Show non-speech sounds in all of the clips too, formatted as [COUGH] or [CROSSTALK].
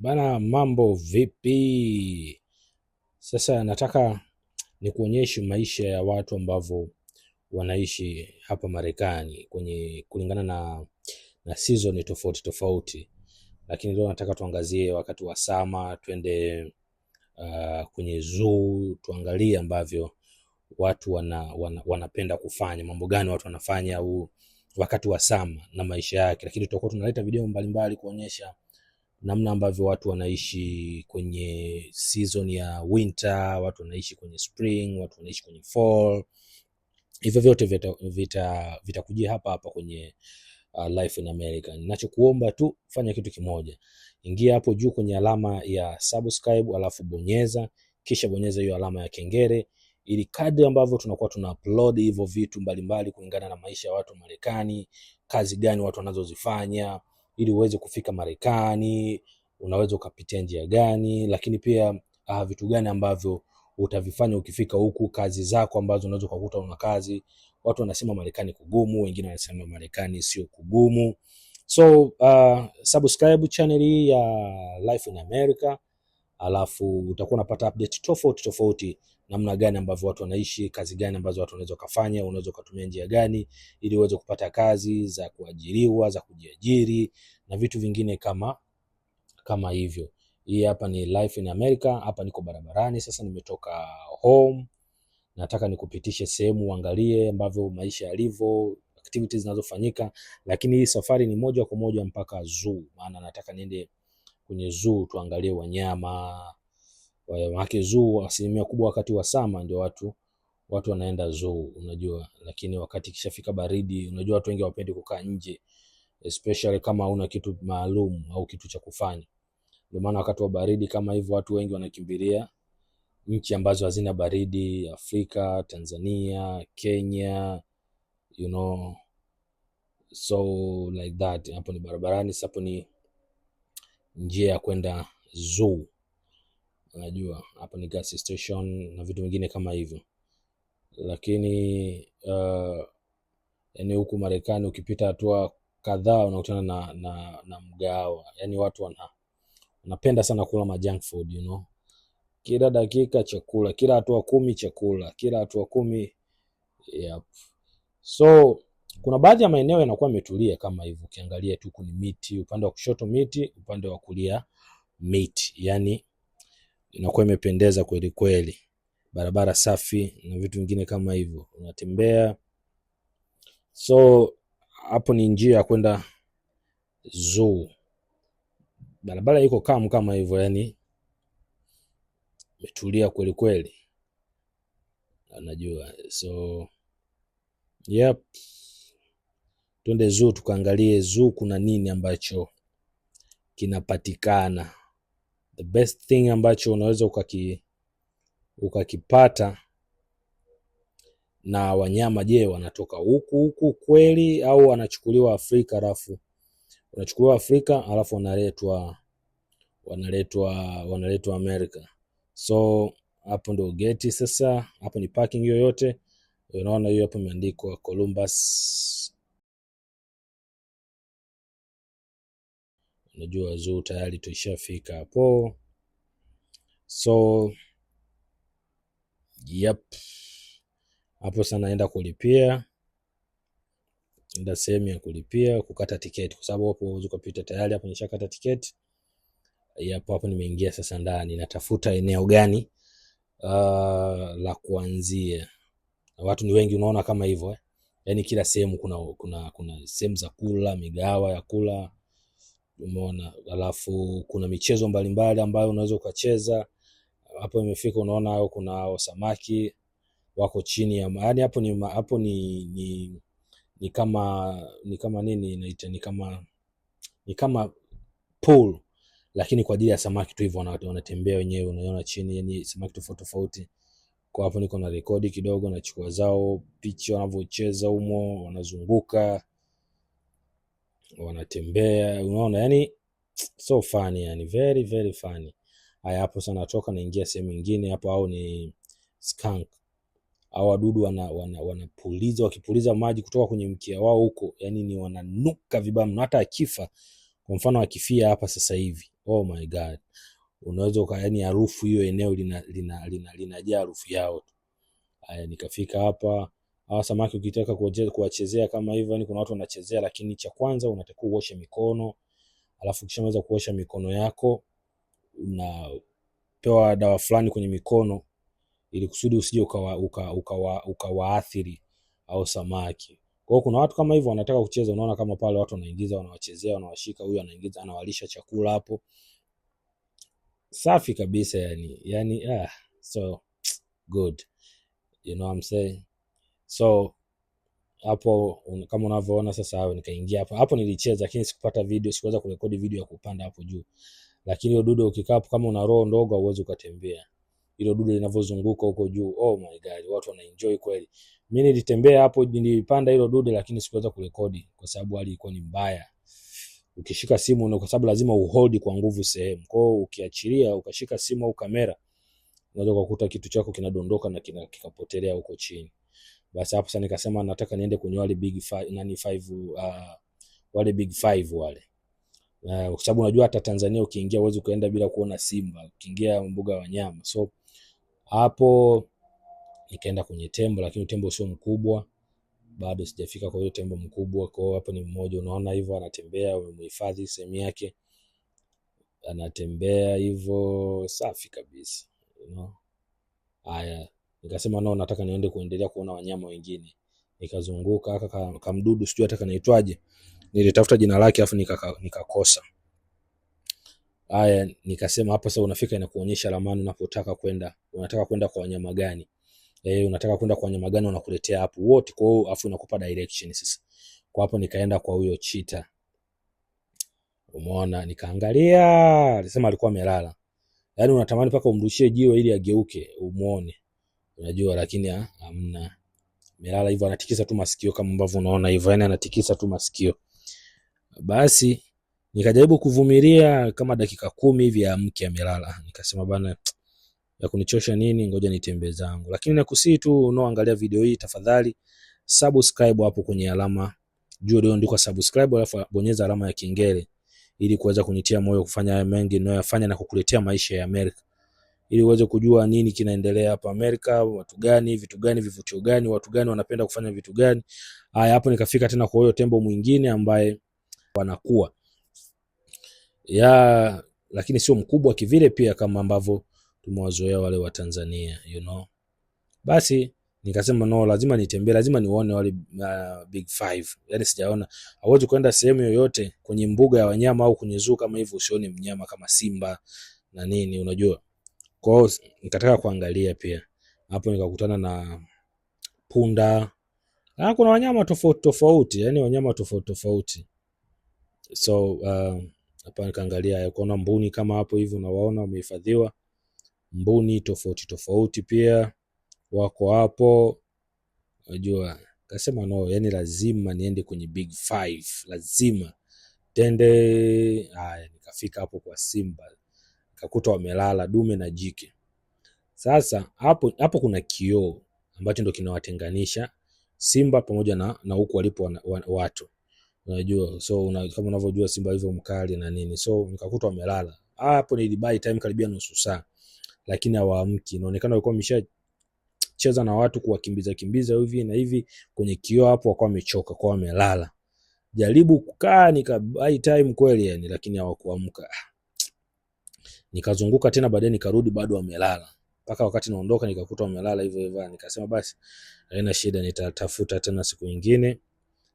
Bana, mambo vipi? Sasa nataka nikuonyeshe maisha ya watu ambavyo wanaishi hapa Marekani kwenye kulingana na, na season tofauti tofauti, lakini leo nataka tuangazie wakati wa sama, twende uh, kwenye zoo tuangalie ambavyo watu wana, wana, wanapenda kufanya mambo gani watu wanafanya huu wakati wa sama na maisha yake, lakini tutakuwa tunaleta video mbalimbali kuonyesha namna ambavyo watu wanaishi kwenye season ya winter, watu wanaishi kwenye spring, watu wanaishi kwenye fall. Hivyo vyote vitakujia vita, vita hapa hapa kwenye uh, Life in America. Ninachokuomba tu fanya kitu kimoja, ingia hapo juu kwenye alama ya subscribe, alafu bonyeza, kisha bonyeza hiyo alama ya kengele ili kadri ambavyo tunakuwa tuna upload hivyo vitu mbalimbali kulingana na maisha ya watu Marekani, kazi gani watu wanazozifanya ili uweze kufika Marekani, unaweza ukapitia njia gani, lakini pia uh, vitu gani ambavyo utavifanya ukifika huku, kazi zako ambazo unaweza ukakuta una kazi. Watu wanasema Marekani kugumu, wengine wanasema Marekani sio kugumu. So uh, subscribe channel hii ya Life in America, alafu utakuwa unapata update tofauti tofauti namna gani ambavyo watu wanaishi, kazi gani ambazo watu wanaweza kufanya, unaweza kutumia njia gani ili uweze kupata kazi za kuajiriwa, za kujiajiri na vitu vingine kama kama hivyo. Hii hapa ni Life in America. Hapa niko barabarani sasa, nimetoka home, nataka nikupitishe sehemu uangalie ambavyo maisha yalivyo, activities zinazofanyika, lakini hii safari ni moja kwa moja mpaka zoo, maana nataka niende kwenye zoo tuangalie wanyama Maanake zoo asilimia kubwa wakati wa sama ndio watu watu wanaenda zoo unajua, lakini wakati kishafika baridi, unajua watu wengi hawapendi kukaa nje, especially kama hauna kitu maalum au kitu cha kufanya. Ndio maana wakati wa baridi kama hivyo watu wengi wanakimbilia nchi ambazo hazina baridi, Afrika, Tanzania, Kenya, you know, so like that. Hapo ni barabarani, sapo ni njia ya kwenda zoo unajua hapa ni gas station na vitu vingine kama hivyo, lakini uh, yani huku Marekani ukipita hatua kadhaa unakutana na, na, na mgawa yani watu wana, wanapenda sana kula ma junk food you know, kila dakika chakula, kila hatua kumi chakula, kila hatua kumi yep. So kuna baadhi ya maeneo yanakuwa yametulia kama hivyo, ukiangalia tu kuna miti upande wa kushoto, miti upande wa kulia miti, yani inakuwa imependeza kweli kweli, barabara safi na vitu vingine kama hivyo, unatembea. So hapo ni njia ya kwenda zoo, barabara iko kam kama hivyo, yani imetulia kweli kweli, anajua so yep. Twende zoo tukaangalie zoo kuna nini ambacho kinapatikana the best thing ambacho unaweza ukaki, ukakipata na wanyama. Je, wanatoka huku huku kweli au wanachukuliwa Afrika alafu wanachukuliwa Afrika alafu wanaletwa wanaletwa wanaletwa Amerika? So hapo ndo geti sasa. Hapo ni parking yoyote, unaona hiyo hapo imeandikwa Columbus Unajua zoo tayari tuishafika hapo, so yep, hapo sana naenda kulipia, enda sehemu ya kulipia kukata tiketi, kwa sababu hapo huwezi kupita. Tayari hapo nishakata tiketi, yapo hapo nimeingia sasa ndani, natafuta eneo gani uh, la kuanzia. Watu ni wengi, unaona kama hivyo eh? Yaani kila sehemu kuna, kuna, kuna sehemu za kula, migawa ya kula umeona. Alafu kuna michezo mbalimbali ambayo unaweza ukacheza hapo. Imefika unaona hapo kuna samaki wako chini ya yani, hapo ni hapo ni, ni ni kama ni kama nini inaita ni kama ni kama pool lakini kwa ajili ya samaki tu hivyo, wanatembea wenyewe, unaona chini, yani samaki tofauti tofauti. Kwa hapo niko na rekodi kidogo, nachukua zao picha wanavyocheza humo, wanazunguka wanatembea, unaona yani, so funny yani, very very funny. Haya, hapo sana natoka naingia sehemu nyingine hapo, au ni skunk au wadudu wanapuliza wana, wana wakipuliza maji kutoka kwenye mkia wao huko, yani ni wananuka vibaya mno. Hata akifa kwa mfano akifia hapa sasa hivi, oh my god, unaweza yani harufu hiyo, eneo linajaa lina, lina, lina harufu yao tu. Haya, nikafika hapa hawa samaki ukitaka kuwachezea kama hivyo, yani kuna watu wanachezea, lakini cha kwanza unatakiwa uoshe mikono, alafu ukishamaliza kuosha mikono yako unapewa dawa fulani kwenye mikono ili kusudi usije ukawaathiri uka, uka, uka, uka au samaki. Kwa hiyo kuna watu kama hivyo wanataka kucheza, unaona kama pale watu wanaingiza, wanawachezea, wanawashika, huyu anaingiza, anawalisha chakula hapo, safi kabisa yani, yani ah, so [TSK] good you know what I'm saying so hapo un, kama unavyoona sasa, hapo nikaingia hapo hapo nilicheza, lakini sikupata video, sikuweza kurekodi video ya kupanda hapo juu. Lakini hiyo dude ukikaa hapo, kama una roho ndogo, hauwezi ukatembea. Hilo dude linavyozunguka huko juu, oh my god, watu wana enjoy kweli. Mimi nilitembea hapo, nilipanda hilo dude, lakini sikuweza kurekodi kwa sababu hali ilikuwa ni mbaya. Ukishika simu, kwa sababu lazima uhold kwa nguvu sehemu. Kwa hiyo ukiachilia, ukashika simu au kamera, unaweza kukuta kitu chako kinadondoka na kina kikapotelea huko chini. Basi hapo sasa nikasema nataka niende kwenye wale big five, nani five, uh, wale big five wale uh, kwa uh, sababu unajua hata Tanzania ukiingia uwezi ukaenda bila kuona simba ukiingia mbuga ya wanyama. So hapo nikaenda kwenye tembo, lakini tembo sio mkubwa bado, sijafika kwa hiyo tembo mkubwa. Kwa hiyo hapo ni mmoja, unaona hivyo anatembea, umehifadhi sehemu yake, anatembea hivyo safi kabisa, you know? Aya. Nikasema nao nataka niende kuendelea kuona wanyama wengine. Nikazunguka aka kamdudu sijui hata kanaitwaje. Nilitafuta jina lake afu nikakosa. Aya, nikasema hapa sasa unafika inakuonyesha ramani unapotaka kwenda. Unataka kwenda kwa wanyama gani? Eh, unataka kwenda kwa wanyama gani wanakuletea hapo wote kwa hiyo afu inakupa direction sasa. Kwa hapo nikaenda kwa huyo chita. Umeona, nikaangalia, alisema alikuwa amelala. yani unatamani paka umrushie jiwe ili ageuke umuone unajua, lakini hamna. Amelala hivyo anatikisa tu masikio kama ambavyo unaona hivyo, yani anatikisa tu masikio. Basi nikajaribu kuvumilia kama dakika kumi hivi, amke amelala. Nikasema bana, ya kunichosha nini, ngoja nitembee zangu. Lakini nakusii tu unaoangalia video hii, tafadhali subscribe hapo kwenye alama juu ndiko subscribe, alafu bonyeza alama ya kengele ili kuweza kunitia moyo kufanya haya mengi ninayoyafanya na kukuletea maisha ya Amerika ili uweze kujua nini kinaendelea hapa Amerika, watu gani, vitu gani, vivutio gani, watu gani wanapenda kufanya vitu gani. Haya, hapo nikafika tena kwa huyo tembo mwingine ambaye wanakuwa ya, lakini sio mkubwa kivile pia kama ambavyo tumewazoea wale wa Tanzania, you know. Basi nikasema no, lazima nitembee, lazima nione wale uh, big five. Yani sijaona, hauwezi kwenda sehemu yoyote kwenye mbuga ya wanyama au kwenye zoo kama hivyo usione mnyama kama simba na nini, unajua kwa hiyo nikataka kuangalia pia hapo, nikakutana na punda na kuna wanyama tofauti tofauti, yani wanyama tofauti tofauti. So uh, nikaangalia kuona mbuni kama hapo hivi unawaona wamehifadhiwa, mbuni tofauti tofauti pia wako hapo. Unajua, kasema no, yani lazima niende kwenye big five, lazima tende. Haya, nikafika hapo kwa simba kakuta wamelala dume na jike. Sasa hapo hapo kuna kioo ambacho ndo kinawatenganisha simba pamoja na, na huku walipo watu unajua, so una, kama unavyojua simba hivyo mkali na nini, so nikakuta wamelala hapo. Ni by time karibia nusu saa, lakini hawaamki. Inaonekana walikuwa wamesha cheza na watu kuwakimbiza kimbiza hivi na hivi, kwenye kioo hapo wakawa wamechoka kwa wamelala. Jaribu kukaa nika by time kweli yani, lakini hawakuamka. Nikazunguka tena baadaye nikarudi bado wamelala. Mpaka wakati naondoka nikakuta wamelala hivyo hivyo. Nikasema basi haina shida, nitatafuta tena siku nyingine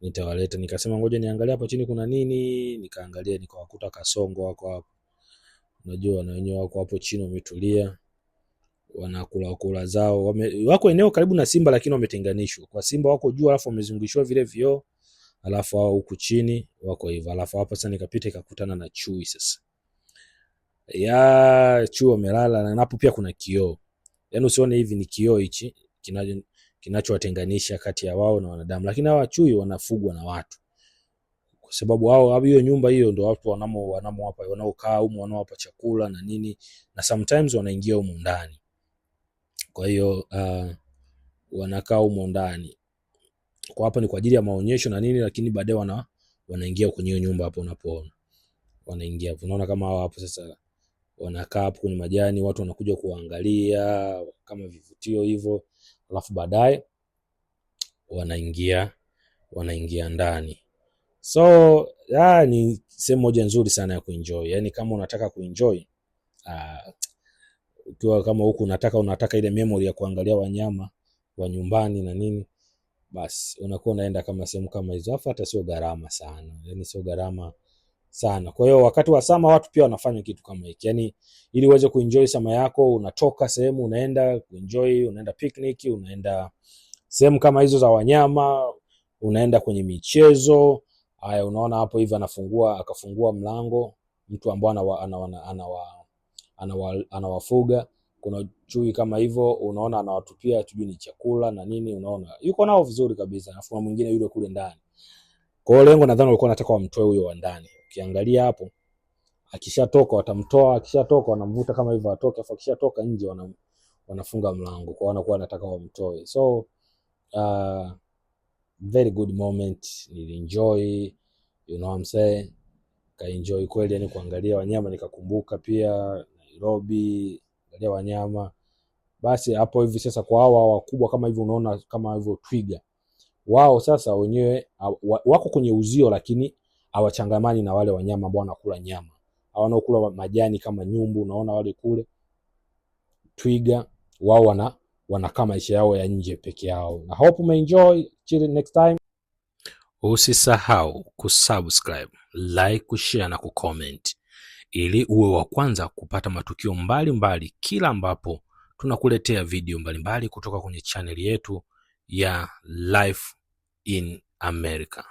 nitawaleta. Nikasema ngoja niangalie hapo chini kuna nini. Nikaangalia nikawakuta kasongo wako hapo. Unajua na wenyewe wako hapo chini wametulia. Wanakula kula zao. Wame, wako eneo karibu na simba lakini wametenganishwa. Kwa simba wako juu alafu wamezungushiwa vile vioo. Alafu hao huku chini wako hivyo. Alafu hapo sasa nikapita ikakutana na chui sasa ya chuo amelala na hapo pia kuna kioo, yaani usione hivi ni kioo hichi kinachowatenganisha kati ya wao na wanadamu, lakini hawa chui wanafugwa na watu kwa sababu wao hiyo nyumba hiyo ndio watu wanamo wanamo hapa wanaokaa humo wanaowapa chakula na nini, na sometimes wanaingia humo ndani. Kwa hiyo uh, wanakaa humo ndani kwa hapa ni kwa ajili ya maonyesho na nini, lakini baadaye wana wanaingia kwenye hiyo nyumba hapo unapoona wanaingia, unaona kama hao hapo sasa wanakaa hapo kwenye majani, watu wanakuja kuangalia kama vivutio hivyo, alafu baadaye wanaingia wanaingia ndani. So ya, ni sehemu moja nzuri sana ya kuenjoy, yaani kama unataka kuenjoy ah, ukiwa kama huku unataka unataka ile memory ya kuangalia wanyama wa nyumbani na nini, basi unakuwa unaenda kama sehemu kama hizo, hata sio gharama sana, yaani sio gharama sana. Kwa hiyo wakati wa sama watu pia wanafanya kitu kama hiki, yaani ili uweze kuenjoy sama yako, unatoka sehemu unaenda kuenjoy, unaenda picnic, unaenda sehemu kama hizo za wanyama, unaenda kwenye michezo. Haya, unaona hapo hivi anafungua akafungua mlango mtu ambao anawafuga anawa, anawa, anawa, anawa kuna chui kama hivyo, unaona anawatupia tujui ni chakula na nini, unaona yuko nao vizuri kabisa, alafu mwingine yule kule ndani kwa hiyo lengo nadhani walikuwa wanataka wamtoe huyo wa ndani. Ukiangalia hapo akishatoka watamtoa, akishatoka wanamvuta kama hivyo atoke, afa akishatoka nje wana, wanafunga mlango kwa wanakuwa wanataka wamtoe. So uh, very good moment, nilienjoy you know what I'm saying, kaenjoy kweli yani kuangalia wanyama, nikakumbuka pia Nairobi, angalia wanyama basi hapo hivi sasa kwa hawa wakubwa kama hivyo unaona kama hivyo twiga wao sasa wenyewe wako kwenye uzio, lakini hawachangamani na wale wanyama ambao wanakula nyama, wanaokula majani kama nyumbu. Unaona wale kule twiga, wao wana wanakaa maisha yao ya nje peke yao. I hope you enjoy. Till next time, usisahau kusubscribe, like, kushare na kucomment ili uwe wa kwanza kupata matukio mbalimbali mbali, kila ambapo tunakuletea video mbalimbali mbali kutoka kwenye chaneli yetu ya Life in America.